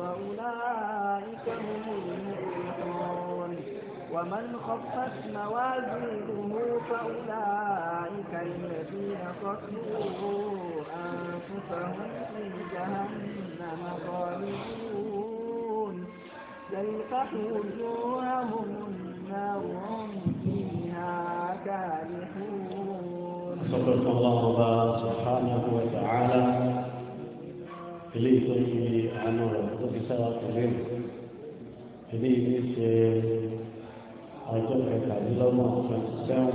فأولئك هم المؤمنون ومن خفت موازينه فأولئك الذين خسروا أنفسهم في جهنم خالدون تلفح وجوههم النار هم فيها كارحون. صدق الله سبحانه وتعالى ilé tó ń fi àánú rẹ̀ tó fi sára pẹ̀lú ilé ilé ṣe ọjọ́ kẹtàdínlọ́gbọ̀n twenty seven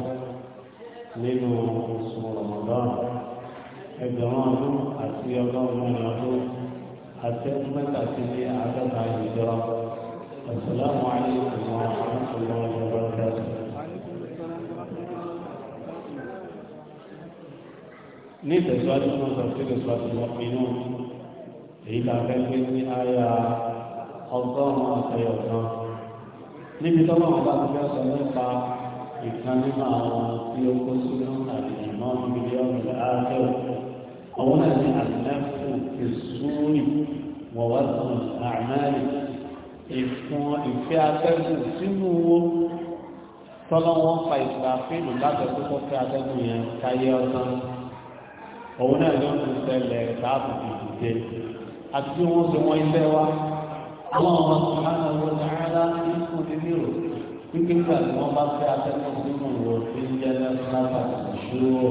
nínú oṣù Ramadan ẹgbẹ̀rún ọdún àti ọgọ́rùn-ún mẹ́rin ọdún àti ẹgbẹ́ mẹ́ta sí ní àádọ́ta ìjọ asalaamu alaykum wa rahmatulahi wa barakatuh. ní ìtẹ̀síwájú náà sọ sí ìgbésíwájú lọ́pọ̀ inú èyí la fẹ́ gbé ní àyà ọgọ́rùn-ún àtẹyọ̀ kan níbi tọ́lọ́mù bá ti fẹ́ sọ nípa ìkan nínú àwọn tí ó kó sínú àti ìmọ̀ mílíọ̀nù àádọ́ àwọn náà ní àtìlẹ́kùn ìsúnì wọ̀wọ́sùn àmàlì ìfún ìfẹ́ atẹ́gùn sínú owó tọ́lọ́wọ́ fa ìgbà fíìmù láti kókó fẹ́ atẹ́gùn yẹn káyé ọ̀sán òun náà ló ń tẹ̀lé káàbù ìdíje àti bí wọ́n ṣe wọ́n ilé wa àwọn ọmọ sùmánà wọn ní ara nínú nílé rò wípé nígbà tí wọ́n bá fẹ́ atẹ́kọ̀ọ́ sínú rò tí ń jẹ́ lẹ́sìlábà ìṣòro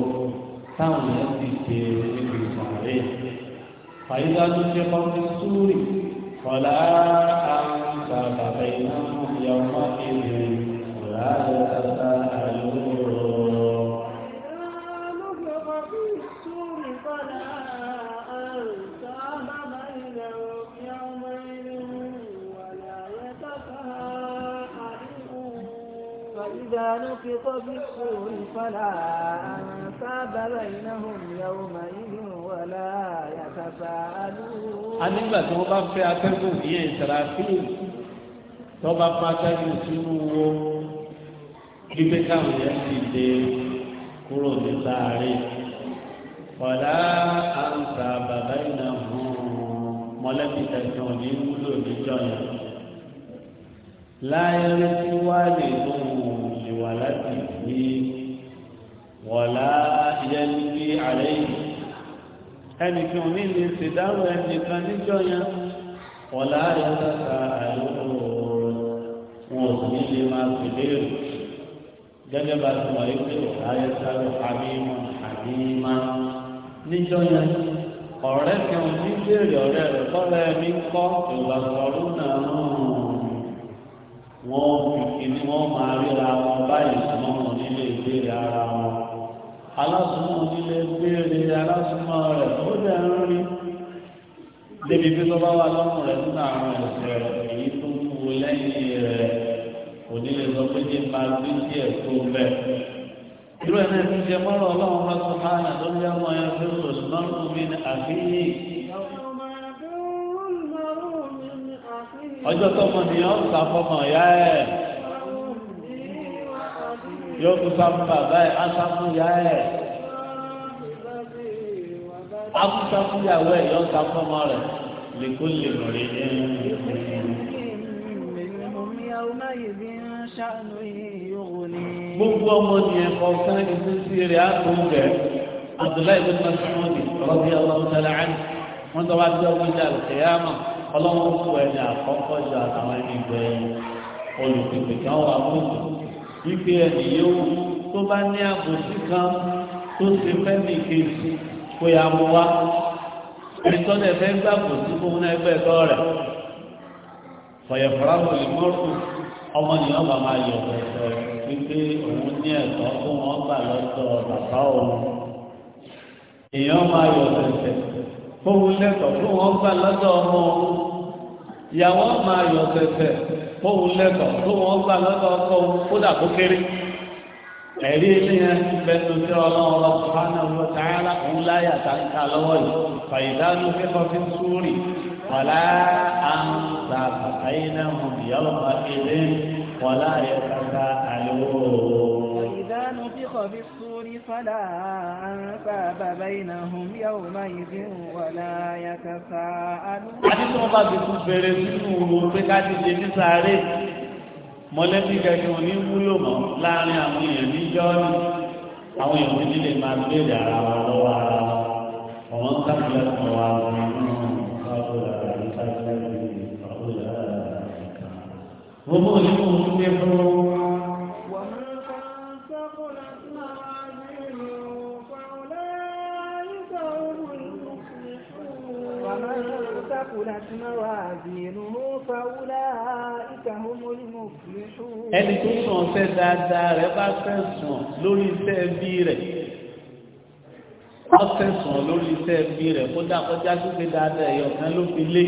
táwọn yẹn ti ṣe níbi ìsọ̀rẹ́ fàyídá tó ṣe kọ́ ní súrì fọlá àǹtà bàbá ìlànà ìyàwó ìrìn rà á فإذا نفخ في الصور فلا أنصاب بينهم يومئذ ولا يتساءلون a nígbà tí wọ́n bá fẹ́ atẹ́gùn yẹn ìsàràfíì tó bá fún atẹ́gùn sínú wo gbígbé káwọn yẹn ti dé kúrò ní sáré fọlá àǹtà bàbá ìnáwó mọ̀lẹ́bí tẹ̀sán ní wúlò níjọ́ yẹn láyé tí wàá lè mú لولده ولا يلي عليه ẹnìkan ní lè ṣèdáwọ̀ ẹnìkan níjọ́ yẹn ọ̀lá ìtàkà àìlóòrùn wọn ò ní lè máa pèlè gẹ́gẹ́ bá ti wọ̀nyí pé ọ̀lá ìtàkà àmìmọ̀ àmìmọ̀ níjọ́ yẹn ọ̀rẹ́ kan ní bèrè ọ̀rẹ́ rẹ̀ kọ́lẹ́ mi kọ́ ìgbàgbọ́rún náà wọ́n fi ni wọ́n máa ríra wọn báyìí sùnmọ́ wọn nílé ìbéèrè ara wọn alásùnmọ́ nílé ìbéèrè alásùnmọ́ rẹ̀ ó dẹ̀ ń rí débi pé tó bá wà lọ́rùn rẹ̀ nínú àwọn ẹ̀sẹ̀ rẹ̀ èyí tó ń wo lẹ́yìn rẹ̀ kò ní lè sọ pé kí máa gbé sí ẹ̀kọ́ bẹ́ẹ̀. irú ẹ̀ náà ti jẹ mọ́rọ̀ ọlọ́run bá tó hánà tó ń yá mọ́ ẹ ọjọ́ tọmọ nìyàn ń sá fọmọ ìyá ẹ̀ yóò tún sá fún bàbá ẹ̀ á sá fún ìyá ẹ̀ á tún sá fún ìyàwó ẹ̀ yóò sá fún ọmọ rẹ̀ lèkó lè rọ̀rẹ́ ẹ̀ gbogbo ọmọ nìyẹn kọ̀ọ̀kan ìdísí rẹ̀ á tó bẹ̀ Abdullahi bin Mas'ud radiya Allahu ta'ala anhu wọn tọ́ wá bí ọmọ ìjà rẹ̀ kẹ́yàmọ̀ ọlọ́run sọ ẹni àkọ́kọ́ ju àtàwọn ẹni gbẹ̀yìn olùpèpè kí wọ́n wà mọ́tò wípé ẹni yóò tó bá ní àbòsí kan tó ti fẹ́ ní kejì kó yà mú wa ìtọ́lẹ̀ fẹ́ gbà àbòsí fún un ẹgbẹ́ ẹ̀kọ́ rẹ̀ fọ̀yẹ̀fọ̀rọ̀ àwọn ìmọ̀ràn ọmọ nìyàn bá máa yọ̀ ọ̀rọ̀ wípé òun ní ẹ̀tọ́ fún wọn gbà bàbá òun èèyàn máa yọ̀ ọ̀rọ̀ kóhun lẹ́tọ̀ fún wọn gbà lọ́dọ̀ ọmọ ìyàwó máa yọ̀ tẹ̀tẹ̀ kóhun lẹ́tọ̀ fún wọn gbà lọ́dọ̀ ọkọ kódà tó kéré ẹ̀rí eléyẹn bẹnu tí ọlọ́run lọ fún àwọn ọmọ tààlà ń láyà tàǹkà lọ́wọ́ yìí fàyídánù kẹ́kọ̀ọ́ fi ń súrì wàlá àǹtà àyínà mọ̀ ìyàwó máa kéré wàlá àyẹ̀kọ́ta àyẹ̀wò. ونفخ في الصور فلا أنفاب بينهم يومئذ ولا يتساءلون àti tí wọ́n bá ti tún bẹ̀rẹ̀ sínú òru pé ká ti ṣe ní sáré mọ̀lẹ́bí kẹ̀kẹ́ ò ní wúlò mọ́ láàrin àwọn èèyàn ní jọ́ọ̀nì àwọn èèyàn ní nílé máa béèrè ara wa lọ́wọ́ ara wa ọ̀wọ́n ń kábíyà fún wa wọn gbogbo òní kò ń gbé fún ثقلت موازينه فأولئك هم المفلحون ẹni tó sàn ṣe dáadáa rẹ̀ bá fẹ̀sùn lórí iṣẹ́ ẹbí rẹ̀ wọ́n fẹ̀sùn lórí iṣẹ́ ẹbí rẹ̀ kó dákọjá sípé dáadáa ẹ̀yọ̀ kan ló fi lé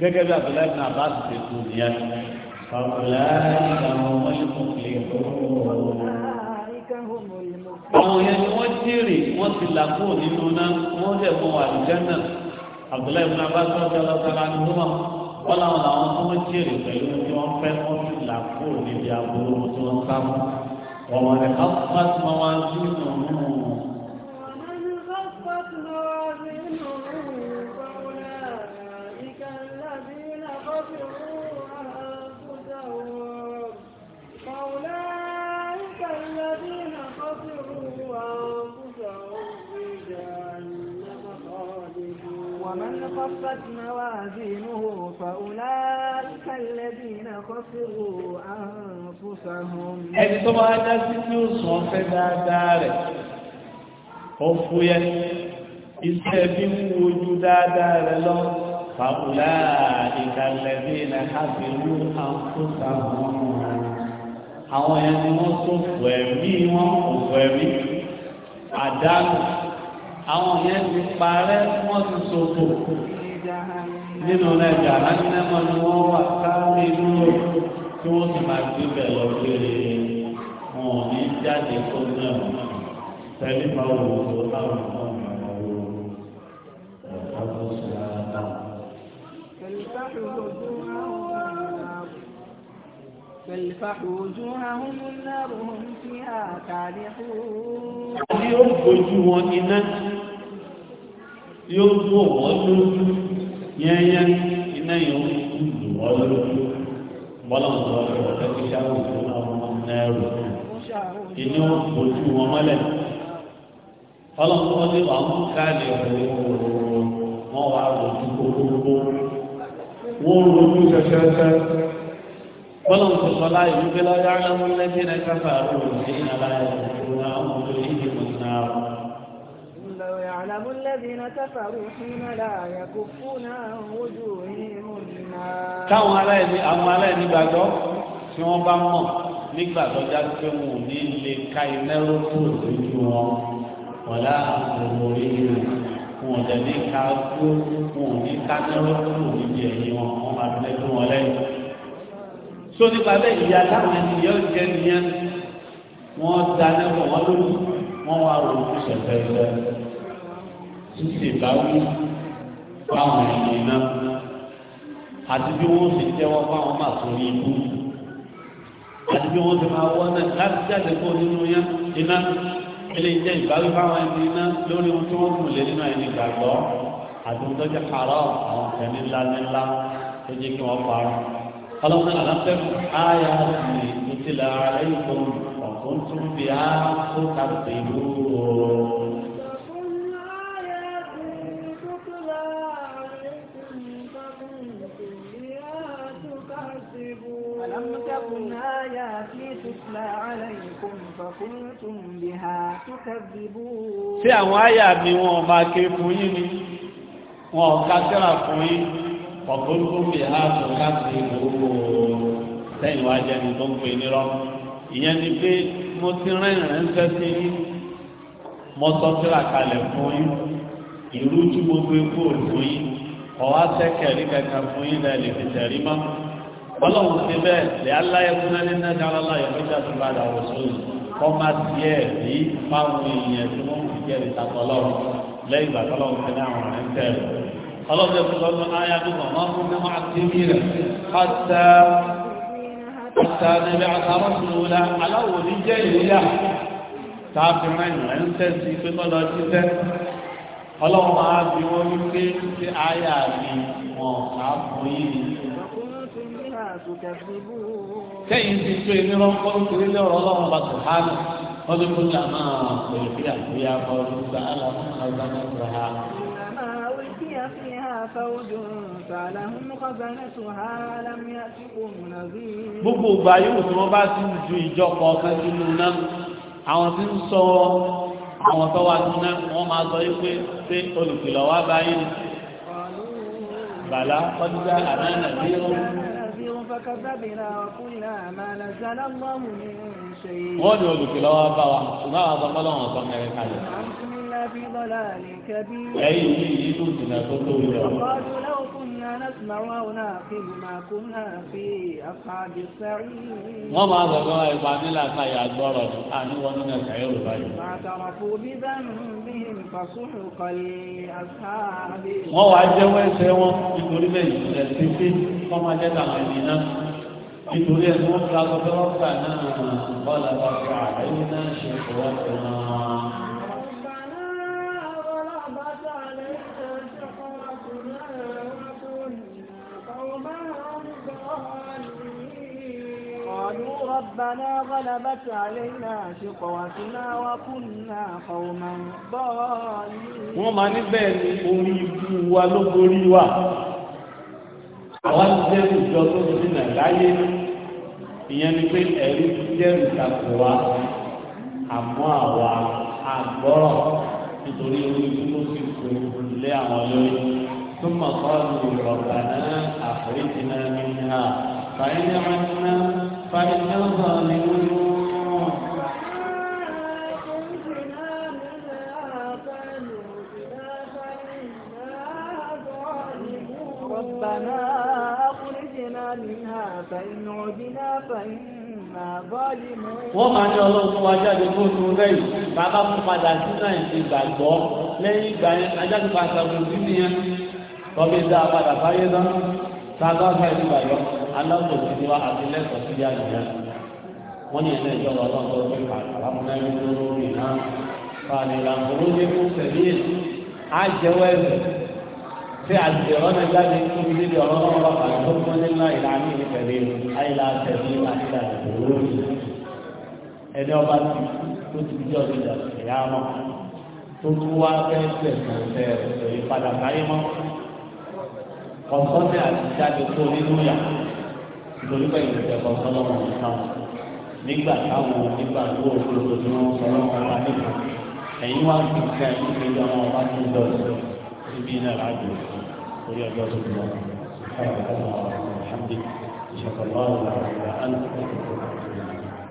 gẹ́gẹ́ bí abdullahi ibn abbas ṣe kú nìyẹn فأولئك هم المفلحون àwọn yẹn ni wọ́n jèrè wọ́n ti làkúrò nínú náà wọ́n lẹ̀ mọ́ àlùjá náà abdullahi ibn abbas ọjọ́ lọ́sọ̀rọ̀ àdúgbò wọn làwọn làwọn tó ń jèrè pẹ̀lú tí wọ́n fẹ́ wọ́n fi là kúrò níbi àbúrò tí wọ́n sá mọ́ wọ́n wọn rẹ̀ káfíńtà tí wọ́n wá ń sí nínú ومن خفت موازينه فأولئك الذين خسروا أنفسهم ẹni tó máa dá sí tí ó sọ fẹ́ dáadáa rẹ̀ ó fúyẹ́ iṣẹ́ bí ń wojú dáadáa rẹ̀ lọ فأولئك الذين خسروا أنفسهم àwọn ẹni wọ́n tó fẹ̀mí wọn kò fẹ̀mí àdánù àwọn yẹn ti parẹ́ wọ́n ti ṣòfò nínú ẹ̀jà lánàmọ́ ni wọ́n wà káàmì lúrò tí wọ́n sì máa gbé bẹ̀ lọ kéré wọn ò ní jáde tó náà tẹ́lẹ̀ bá wò ó tó táwọn náà máa wò ó ẹ̀ka tó ṣe ara dá. تلفح وجوههم النار هم فيها كالحون. اليوم وجوه الناس yóò tó wọ́n lójú yẹ́nyẹ́ iná yóò tó wọ́n lójú bọ́lá ní ọ̀hún káàdì ọ̀rẹ́ wọn wà lójú gbogbo wọn lójú kẹsẹsẹ bọ́lá sọlá ìlú bí lọ́jọ́ àlámúlẹ́bí káfà rò sí ìnàlá ìlú ọmọdé ìdìbò náà يعلم الذين كفروا حين لا يكفون عن وجوههم النار táwọn aláìní àwọn aláìní gbàgbọ́ tí wọ́n bá mọ̀ nígbà tó dájú pé wọn ò ní lè ka iná lókù lójú wọn wọn lá àwọn orí rẹ wọn ò dẹ̀bí ká kú wọn ò ní ká iná lókù níbi ẹ̀yìn wọn wọn máa fi lẹ́nu wọn lẹ́yìn. sọ nípa bẹ́ẹ̀ ìyá táwọn ènìyàn jẹ́ nìyẹn wọ́n dáná wọ́n lójú wọ́n wá rò ó ṣẹ̀fẹ̀ ìfẹ́ ń sì bá wí fáwọn ènìyàn náà àti bí wọ́n sì tẹ́wọ́ fáwọn máa tún ní ibú àti bí wọ́n sì máa wọ́n náà láti jáde kó nínú yẹn iná eléyìí jẹ́ ìbáwí fáwọn ẹni iná lórí ohun tí wọ́n kùn lé nínú ẹni gbàgbọ́ àti ohun tó jẹ́ kàrọ́ àwọn ẹni ńlá ńlá tó jẹ́ kí wọ́n parọ́. ọlọ́run náà lápẹ́kù áyà sí ìtìlá ẹ̀yìn kan ọ̀tún tún bí a tó ta pẹ̀lú ọ̀rọ̀. tí àwọn àyà mi wọn máa ké fún yín ni wọn ọ̀ká tẹ́ra fún yín ọ̀pọ̀lọpọ̀ lè ha tó káàkiri ìgbòho lẹ́yìn wá jẹ́ ní tó ń pè nírọ́ ìyẹn ni pé mo ti rìn rìn ń tẹ́sí mo sọ tẹ́ra kalẹ̀ fún yín ìlú tí mo gbé kóòlù fún yín ọ̀wá tẹ́kẹ̀rí kankan fún yín lẹ́yìn lè fi tẹ̀rí mọ́ ọlọ́run ti bẹ́ẹ̀ lẹ́yìn aláyẹ̀kúnlẹ́ nínú ẹ̀dá aláyẹ̀kúnlẹ́ tó bá dà wọ́sọ́yìn kọ́má tiẹ̀ ní fáwọn èèyàn tí wọ́n fi jẹ́ ìtakọ̀ lọ́rùn lẹ́yìn ìgbà tọ́lọ́run fẹ́ ní àwọn ọ̀rẹ́ ń tẹ̀lé. ọlọ́run ti lọ́nu ayé àdúgbò máa ń fún máa ti rí rẹ̀ pátá pátá níbi àtàwọn ìṣòro la aláwo ní jẹ́ ìwúyà tá a fi rìn rẹ̀ ń tẹ̀sí pé kọ́ lọ sí tẹ́. ọlọ́run máa fi wọ́n wípé tí ayé àmì wọn kà á fún yìí sẹ́yìn ti tó èmi rán kọ́ nítorí lọ́rọ̀ ọlọ́run bá tó há lọ wọ́n ti kó jà máa pèrè bí àgbéyà kọ́ ọdún gbà á lọ fún ọgbà náà tó há. gbogbo ìgbà yóò tí wọ́n bá ti ń ju ìjọ kọ̀ọ̀kan sínú náà àwọn tí ń sọ àwọn tó wà nínú náà wọ́n máa sọ wípé pé olùkìlọ̀ wá báyìí bàlá ọdún gbà àná nàìjíríà وكذبنا وقلنا ما نزل الله من شيء. wọ́n ní olùkìlọ́wọ́ bá wa ṣùgbọ́n àwọn ọmọ ọlọ́run ọ̀sán mẹ́rin kalẹ̀. بضلال كبير وقالوا لو كنا نسمع أو نعقل ما كنا في أصحاب السعير وما ذكر إبان لا سيعبر عن ومن السعير فاعترفوا بذنبهم فسحقا لأصحاب wọ́n wá jẹ́wọ́ ẹsẹ̀ wọn nítorí bẹ́ẹ̀ ìṣẹ̀lẹ̀ títí kọ́má jẹ́ tàwọn ẹ̀yìn náà nítorí ẹ̀ wọ́n fi aṣọ tó wọ́n gbà náà bọ́ọ̀lù àbáfẹ́ àlẹ́ náà ṣe ìṣòwò ẹ̀sẹ̀ náà. ربنا غلبت علينا شقوتنا وكنا قوما ضالين wọ́n máa níbẹ̀ ni orí ibú wa ló borí wa àwa ti jẹ́ ìjọ tó ti dínà láyé ìyẹn ni pé ẹ̀rí ti jẹ́ ìtàkùn wa àmọ́ àwa àgbọ́rọ̀ nítorí orí ibú ló sì lé àwọn lórí tó mọ̀ kọ́ ọ́ ní ìrọ̀gbà náà àforíjì náà nínú náà fàyín ní wọn náà. فإن الظالمون ربنا أخرجنا منها فإن عدنا فإنا ظالمون wọ́n máa ní ọlọ́run wa jáde fóònù lẹ́yìn bàbá fún padà sí náà ti gbàgbọ́ lẹ́yìn ìgbà yẹn ajáde pàtàkì sí ni yẹn tọ́bí dá padà fáyé náà sábà fẹ́ẹ́ gbàyọ alákòóso ni wa àti lẹ́kọ̀ọ́ sí yá nìyá wọ́n ní ẹ̀sẹ̀ ìjọba ọlọ́dọ̀ ti pa àlámúnáyé lórí náà fàlẹ́ ìlànà olóyè fún sẹ̀mí èsì àjẹwọ́ ẹ̀sẹ̀ tí àjẹwọ́ náà jáde fún mi níbi ọ̀rọ̀ náà wà pàdé tó fún nílá ìlànà ìlú pẹ̀lú àìlà sẹ̀mí àìlà olóyè ẹni ọba ti tó ti jọ ìjà ìyá mọ́ tó tún wá fẹ́ẹ́ sẹ̀sẹ̀ kọ̀ǹkọ́n ní àtijáde tó nínú yà lórí bẹ́ẹ̀ ló fẹ́ kọ̀ǹkọ́n lọ́wọ́ nìkan nígbà táwọn nígbà tó òkúrò tí wọ́n sọ lọ́wọ́ ọba nìkan ẹ̀yin wá sí ká ẹ̀yin fi lọ wọn bá tún lọ sí ibi náà láàbò orí ọjọ́ tó ti lọ. الحمد لله